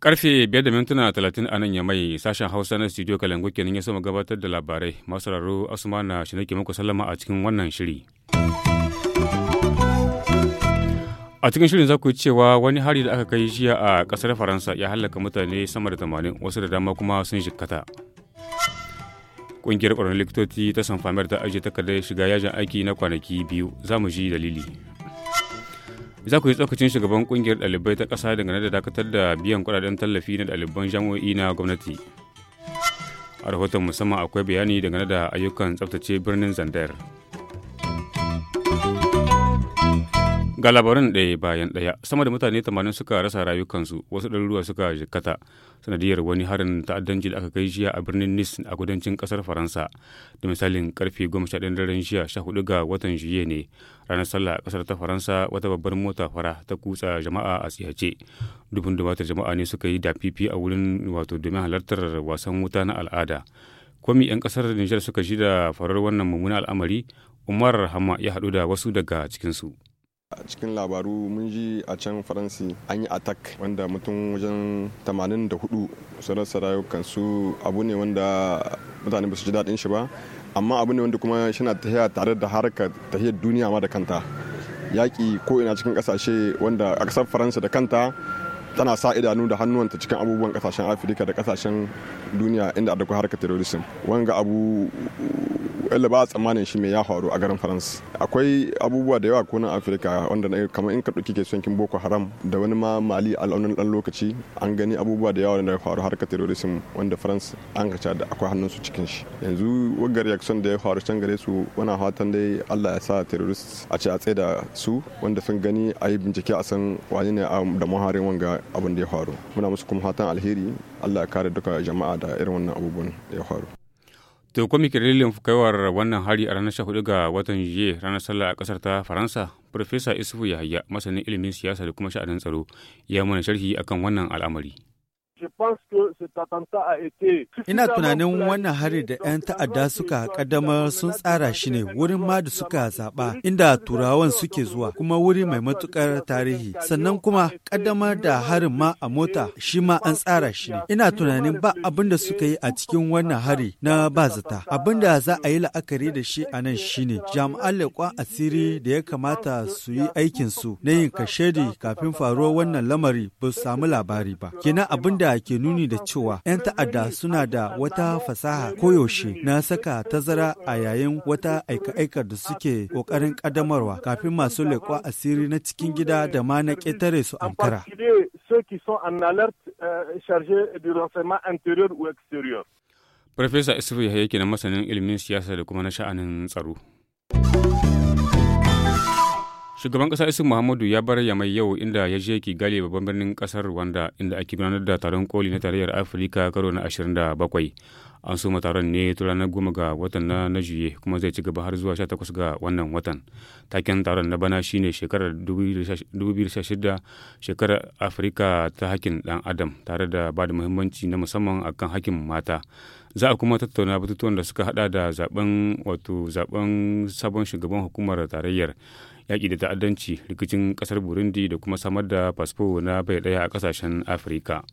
Karfe biyar da mintuna talatin a nan ya mai sashen Hausa na studio Kalangu kenan ya sama gabatar da labarai. Masu raro Asuma na shi nake muku sallama a cikin wannan shiri. a cikin shirin za ku cewa wani hari da aka kai jiya a kasar faransa ya halaka mutane sama da tamanin wasu da dama kuma sun jikkata. Ƙungiyar ƙwararrun likitoci ta Sanfamer ta ajiye takardar shiga yajin aiki na kwanaki biyu za mu ji dalili. Za ku yi tsokacin shugaban ƙungiyar ɗalibai ta ƙasa dangane da dakatar da biyan kuɗaɗen tallafi na ɗaliban jami'o'i na gwamnati. A rahoton musamman akwai bayani dangane da ayyukan tsaftace birnin Zandar. Ga labaran ɗaya bayan ɗaya, sama da mutane 80 suka rasa rayukansu, wasu ɗaruruwa suka jikkata sanadiyar wani harin ta'addanci da aka kai jiya a birnin nis a kudancin kasar Faransa. Da misalin karfe 11 daren jiya 14 ga watan Juye ne, ranar sallah a ƙasar ta Faransa wata babbar mota fara ta kutsa jama'a a tsiyace. Dubun dubatar jama'a ne suka yi dafifi a wurin wato domin halartar wasan wuta na al'ada. Kwami 'yan kasar Nijar suka ji farar wannan mummunan al'amari, Umar Hama ya haɗu da wasu daga cikinsu. a cikin labaru mun ji a can faransi an yi attack wanda mutum wajen 84 su rayukansu abu ne wanda mutane ba su ji daɗin shi ba amma abu ne wanda kuma shana tahiya tare da harka tahiyar duniya ma da kanta yaƙi ko ina cikin ƙasashe wanda a ƙasar faransa da kanta tana sa idanu da hannuwanta cikin abubuwan ƙasashen afirka da ƙasashen duniya inda da harkar terrorism wanga abu wanda ba a tsammanin shi mai ya faru a garin faransa akwai abubuwa da yawa konan afirka wanda kamar in ka ɗauki ke kin boko haram da wani ma mali al'aunin ɗan lokaci an gani abubuwa da yawa da ya faru harkar terrorism wanda faransa an kaca da akwai hannun su cikin shi yanzu wagar yakson da ya faru can gare su wana fatan dai allah ya sa terrorist a ce a tsaye da su wanda sun gani a yi bincike a san wani ne um, da muharin wanga abin da ya faru muna musu kuma fatan alheri allah ya kare duka jama'a da irin wannan abubuwan da ya faru To ko muke dalilin kaiwar wannan hari a ranar 14 ga watan Juye ranar sallah a kasar ta Faransa, Farfesa Isufu Yahaya masanin ilimin siyasa da kuma sha'anin tsaro ya mana sharhi akan wannan al'amari. Ina tunanin wannan hari da 'yan ta'adda suka kaddamar sun tsara shi ne wurin ma da suka zaɓa inda turawan suke zuwa kuma wuri mai matukar tarihi sannan kuma kaddamar da harin ma a mota shi ma an tsara shi ne. Ina tunanin ba abin da suka yi a cikin wannan hari na bazata abin da za a yi la'akari da shi a nan shi ne jami'an leƙon asiri da ya kamata su yi aikinsu na yin kashedi kafin faruwar wannan lamari ba su samu labari ba. Kenan abin da da ke nuni da cewa 'yan ta'adda suna da wata fasaha koyaushe na saka tazara a yayin wata aika-aikar da suke ƙoƙarin ƙaddamarwa kafin masu leƙo asiri na cikin gida da ma na ƙetare su ankara. Farfesa Isiru Yahya na masanin ilimin siyasa da kuma na sha'anin tsaro. Shugaban ƙasa Isu Muhammadu ya bar Yamai yau inda ya je Kigali babban birnin kasar Rwanda inda ake gudanar da taron koli na tarayyar Afirka karo na 27. An soma taron ne ta ranar goma ga watan na na juye kuma zai ci gaba har zuwa 18 ga wannan watan. Taken taron na bana shine shekarar 2016 shekarar Afirka ta hakkin dan Adam tare da ba da muhimmanci na musamman akan hakkin mata. Za a kuma tattauna batutuwan da suka hada da zaben wato zaben sabon shugaban hukumar tarayyar yaƙi da ta'addanci rikicin ƙasar burundi da kuma samar da fasfo na bai ɗaya a ƙasashen afirka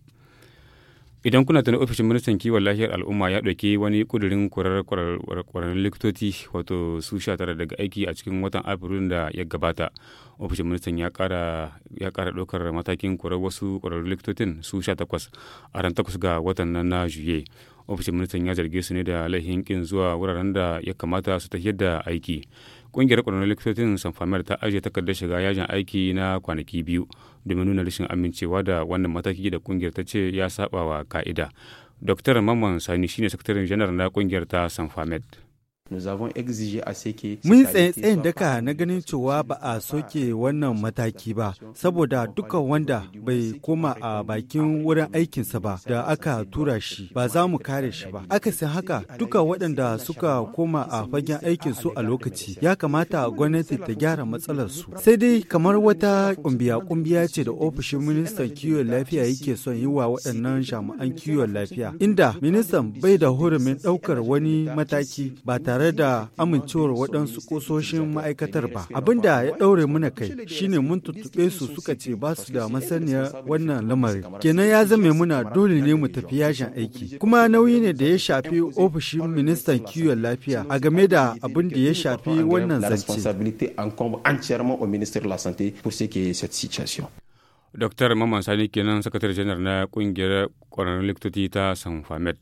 idan kuna tuni ofishin ministan kiwon lafiyar al'umma ya ɗauki wani ƙudurin ƙwararren likitoci wato su sha tara daga aiki a cikin watan afirka da ya gabata ofishin ministan ya ƙara ɗaukar matakin ƙwararren wasu kwararrun likitocin su sha takwas a ran takwas ga watan nan na juye ofishin ministan ya zarge su ne da laihin ƙin zuwa wuraren da ya kamata su tafiyar da aiki kungiyar ƙwararrun likitocin Sanfamer ta ajiye takardar shiga yajin aiki na kwanaki biyu domin nuna rashin amincewa da wannan mataki da kungiyar ta ce ya saba wa ka'ida. Dr. Mamman Sani shine sakataren janar na ƙungiyar ta Sanfamed. Mun tsaye daka na ganin cewa ba a soke wannan mataki ba, saboda dukkan wanda bai koma a bakin wurin aikinsa ba da aka tura shi ba za mu kare shi ba. aka Akasin haka duka waɗanda suka koma a fagen aikinsu a lokaci ya kamata gwamnati ta gyara matsalarsu. Sai dai kamar wata kumbiya-kumbiya ce da ofishin ministan kiwon lafiya yake son yi wa waɗannan jami'an kiwon lafiya, inda ministan bai da hurumin ɗaukar wani mataki ba tare tare da amincewar waɗansu ƙososhin ma'aikatar ba. Abin da ya ɗaure mana kai shine mun tutuɓesu su suka ce ba su da masaniya wannan lamari Kenan ya zame muna dole ne mu tafi yashin aiki. Kuma nauyi ne da ya shafi ofishin ministan kiwon lafiya a game da abin da ya shafi wannan zance. Dr. Maman Sani kenan sakatare janar na kungiyar kwararrun likitoci ta San Famed.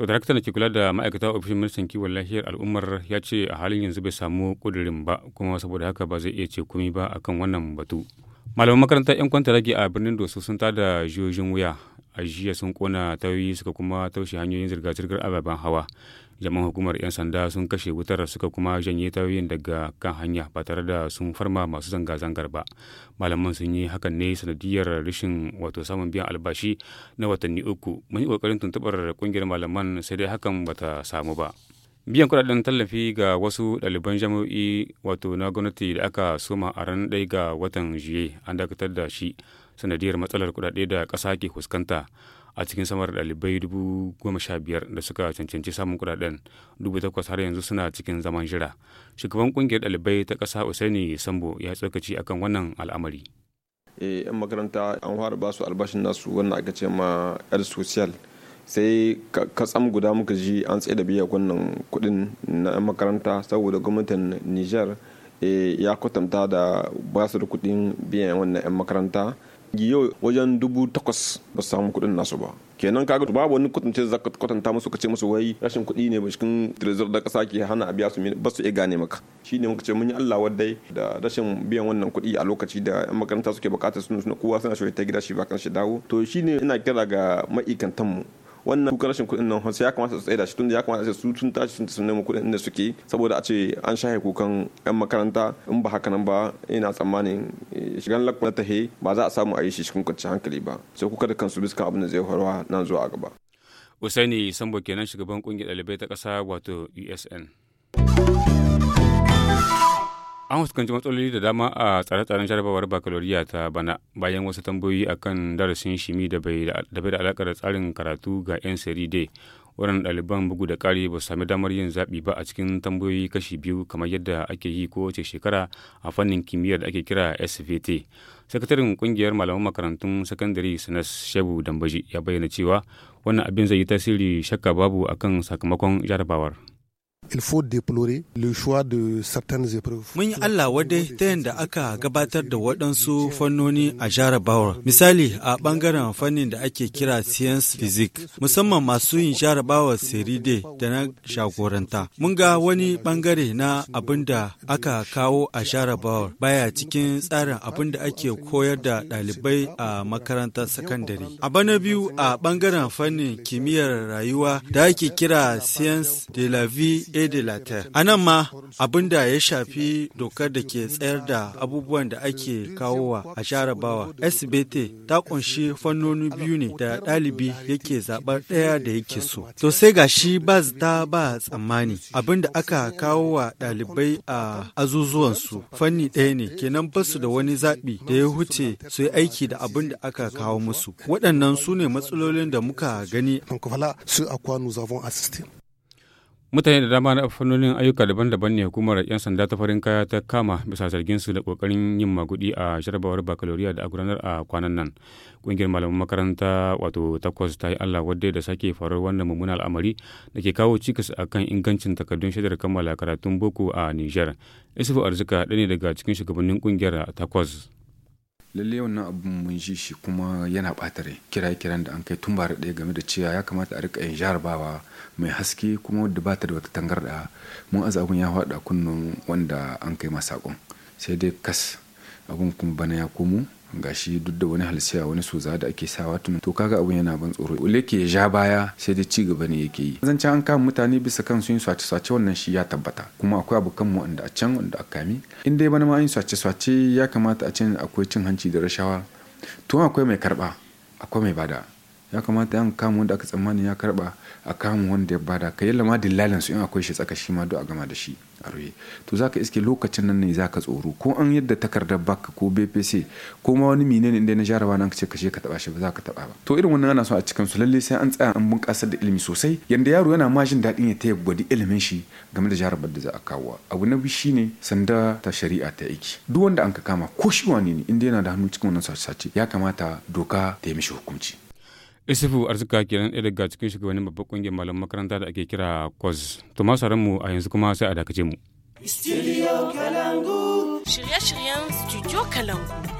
To daraktan da ke kula da ma'aikata ofishin ministan kiwon lafiyar al'ummar ya ce a halin yanzu bai samu kudurin ba kuma saboda haka ba zai iya ce kumi ba akan wannan batu. Malaman makarantar 'yan rage a birnin Doso sun da jiyoyin wuya a jiya sun kona tauyi suka kuma taushe hanyoyin zirga-zirgar ababen hawa jaman hukumar 'yan sanda sun kashe wutar suka kuma janye tayoyin daga kan hanya ba tare da sun farma masu zanga-zangar ba malaman sun yi hakan ne sanadiyar rashin wato samun biyan albashi na watanni uku mun yi kokarin tuntubar kungiyar malaman sai dai hakan ba ta samu ba biyan kudaden tallafi ga wasu ɗaliban jami'o'i wato na gwamnati da aka soma a ran ɗaya ga watan juye an dakatar da shi sanadiyar matsalar kudade da ƙasa ke fuskanta a cikin samar ɗalibai dubu goma sha biyar da suka cancanci samun kudaden dubu takwas har yanzu suna cikin zaman jira shugaban ƙungiyar ɗalibai ta ƙasa usaini sambo ya tsokaci akan wannan al'amari yan eh, makaranta an fara ba su albashin nasu wannan aka ce ma yar social sai katsam guda muka ji an tsaye da biya wannan kuɗin na yan makaranta saboda gwamnatin niger eh, ya kwatanta da ba su da kuɗin biyan wannan yan makaranta giyo wajen dubu takwas ba samu kuɗin nasu ba kenan kaga babu wani kwatance za ka kwatanta musu ka ce musu wai rashin kuɗi ne cikin trezor da ƙasa ke hana a biya su ba su iya gane maka shi ne muka ce mun yi Allah wadai da rashin biyan wannan kuɗi a lokaci da yan makaranta suke bukatar suna kowa suna shi ta gida shi ba kan shi dawo to shi ne ina kira ga ma'ikantan mu wannan kuka rashin kuɗin nan ya kamata su da shi tunda ya kamata su sun tashi sun tsaye mu kuɗin da suke saboda a ce an shahe kukan yan makaranta in ba haka nan ba ina tsammanin eh, shigan lakwa na tahe ba za a samu a yi shi cikin kwanciyar hankali ba sai kuka da kansu bisa abin da zai faruwa nan zuwa a gaba. Usaini Sambo kenan shugaban kungiyar ɗalibai ta ƙasa wato USN. an fuskanci matsaloli da dama a tsare-tsaren jarabawar bakaloriya ta bana bayan wasu tambayoyi akan darasin shimi da bai da alakar tsarin karatu ga 'yan seri dai waɗannan ɗaliban bugu da ƙari ba su sami damar yin zaɓi ba a cikin tambayoyi kashi biyu kamar yadda ake yi ko kowace shekara a fannin kimiyyar da ake kira svt sakataren kungiyar malaman makarantun sakandare sanas shebu dambaji ya bayyana cewa wannan abin zai yi tasiri shakka babu akan sakamakon jarabawar il faut déplorer le choix de certaines épreuves. Mun yi Allah wadai ta yadda aka gabatar da waɗansu fannoni a jarabawar. Misali a ɓangaren fannin da ake kira science physics, musamman masu yin jarabawar seride da na shagoranta. Mun ga wani ɓangare na abin da aka kawo a jarabawar baya cikin tsarin abin da ake koyar da ɗalibai a makarantar sakandare. A bana biyu a ɓangaren fannin kimiyyar rayuwa da ake kira science de la vie daidailata. A nan ma abin da ya shafi dokar da ke tsayar da abubuwan da ake kawowa a jarabawa. SBT ta ƙunshi fannoni biyu ne da ɗalibi yake zaɓar ɗaya da yake so. To sai ga shi ba ta ba tsammani abin da aka kawo wa ɗalibai a azuzuwansu fanni ɗaya ne kenan ba su da wani zaɓi da ya huce su yi aiki da abin da aka kawo musu. Waɗannan su ne matsalolin da muka gani. mutane da dama na fannonin ayyuka daban-daban ne hukumar 'yan sanda ta farin kaya ta kama bisa zargin su da kokarin yin magudi a jarabawar bakaloriya da gudanar a kwanan nan kungiyar malaman makaranta wato takwas ta yi allah wadda da sake faruwar wannan mummunan al'amari da ke kawo cikas a kan ingancin takardun shaidar kammala karatun boko a niger isufu arzika ɗaya daga cikin shugabannin kungiyar takwas lalle wannan abin mun ji shi kuma yana ɓata rai kira-kiran da an kai tun bara ɗaya game da cewa ya kamata a rika yin jarabawa mai haske kuma wadda bata da wata tangarɗa mun aza abun ya faɗa kunnun wanda an kai masakon sai dai kas abun kuma bana ya komo gashi duk da wani halsiya wani soza da ake sawa tun to kaga abun yana ban tsoro uleke ke ja baya sai dai ci gaba ne yake yi zan an kama mutane bisa kan sun swace swace wannan shi ya tabbata kuma akwai abokan mu inda a can wanda a kame in dai bana ma an swace swace ya kamata a can akwai cin hanci da rashawa to akwai mai karba akwai mai bada ya kamata yan kama wanda aka tsammani ya karba a kama wanda ya bada ka yi lama dillalin su in akwai shi tsaka shi ma duk a gama da shi a ruye to zaka iske lokacin nan ne zaka tsoro ko an yadda takardar bak ko bpc ko ma wani menene inda na jarawa nan kace kashe ka taba shi ba ka taba ba to irin wannan ana so a cikin su lalle sai an tsaya an bunƙasar da ilimi sosai yanda yaro yana ma jin daɗin ya taya gwadi ilimin shi game da jarabar da za a kawo abu na biyu shine sanda ta shari'a ta aiki duk wanda an ka kama ko shi wani ne inda yana da hannu cikin wannan sace ya kamata doka ta yi mishi hukunci isufu arzika kenan ɗaya daga cikin shugabannin babbar ƙungiyar malam makaranta da ake kira cos to masu mu a yanzu kuma sai a dakace mu shirye-shiryen studio kalangu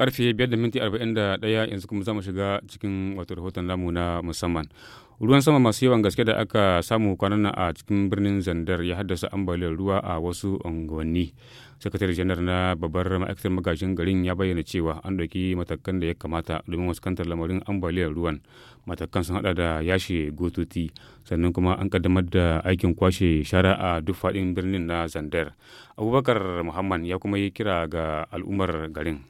karfe biyar da minti arba'in da daya yanzu kuma zamu shiga cikin wato rahoton lamu na musamman ruwan sama masu yawan gaske da aka samu kwanan a cikin birnin zandar ya haddasa ambaliyar ruwa a wasu unguwanni sakatare janar na babbar ma'aikatar magajin garin ya bayyana cewa an ɗauki matakan da ya kamata domin fuskantar lamarin ambaliyar ruwan matakan sun hada da yashe gototi sannan kuma an kaddamar da aikin kwashe shara a duk faɗin birnin na zandar abubakar muhammad ya kuma yi kira ga al'ummar garin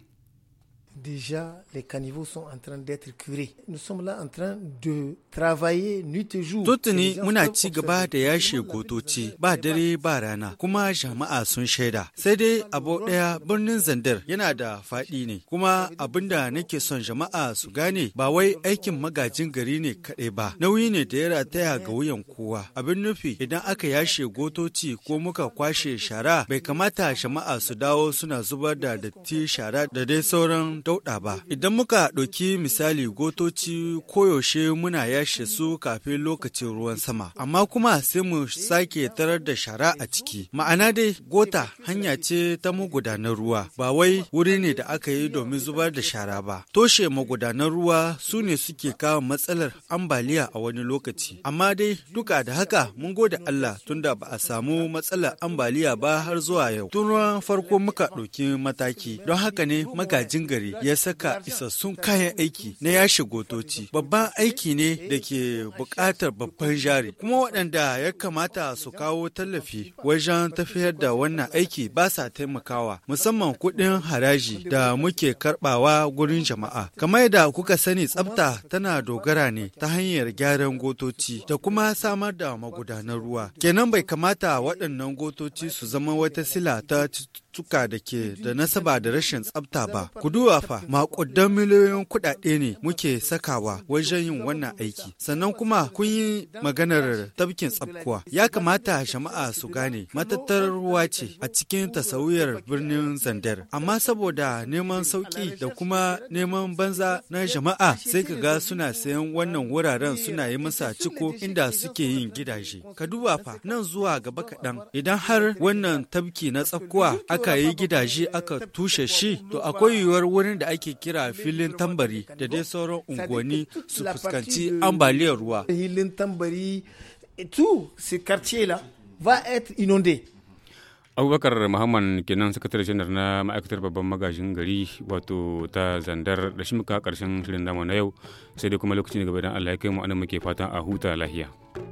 déjà les caniveaux sont en train d'être curés. Nous sommes là en train de travailler nuit et jour. ni muna ci gaba da yashe gotoci ba dare ba rana kuma jama'a sun shaida. Sai dai abu daya birnin Zandar yana da fadi ne kuma abinda nake son jama'a su gane ba wai aikin magajin gari ne kaɗai ba. Nauyi ne da ya rataya ga wuyan kowa. Abin nufi idan aka yashe gotoci ko muka kwashe shara bai kamata jama'a su dawo suna zubar da datti shara da dai sauran dauɗa ba. Idan muka ɗauki misali gotoci koyaushe muna yashe su kafin lokacin ruwan sama, amma kuma sai mu sake tarar da shara a ciki. Ma'ana dai gota hanya ce ta magudanar ruwa, ba wai wuri ne da aka yi domin zubar da shara ba. Toshe magudanar ruwa su ne suke kawo matsalar ambaliya a wani lokaci. Amma dai duka da haka mun gode Allah tunda ba a samu matsalar ambaliya ba har zuwa yau. Tun ruwan farko muka ɗauki mataki, don haka ne magajin gari ne ya saka isassun kayan aiki na yashe gotoci babban aiki ne da ke buƙatar babban jari kuma waɗanda ya kamata su kawo tallafi wajen tafiyar da wannan aiki ba sa taimakawa musamman kuɗin haraji da muke karɓawa gurin jama'a kamar da kuka sani tsafta tana dogara ne ta hanyar gyaran gotoci da kuma samar da magudanan ruwa kenan bai kamata waɗannan gotoci su zama wata sila ta tuka da ke da nasaba da rashin tsabta ba. Ku duwa fa makudan miliyoyin kuɗaɗe ne muke sakawa wajen yin wannan aiki. Sannan kuma kun yi maganar tafkin tsafkuwa. Ya kamata jama'a su gane matattar ruwa ce a cikin tasawiyar birnin Zandar. Amma saboda neman sauƙi da kuma neman banza na jama'a sai ka ga suna sayan wannan wuraren suna yi masa ciko inda suke yin gidaje. Ka duba fa nan zuwa gaba kaɗan idan har wannan tafki na tsafkuwa aka yi gidaje aka tushe shi to akwai yiwuwar wurin da ake kira filin tambari da dai sauran unguwanni su fuskanci ambaliyar ruwa. Filin tambari tu là va et inonde. abubakar muhammad kenan sakatare janar na ma'aikatar babban magajin gari wato ta zandar da shi muka karshen shirin dama na yau sai dai kuma lokaci ne gaba idan allah ya kai mu anan muke fatan a huta lahiya.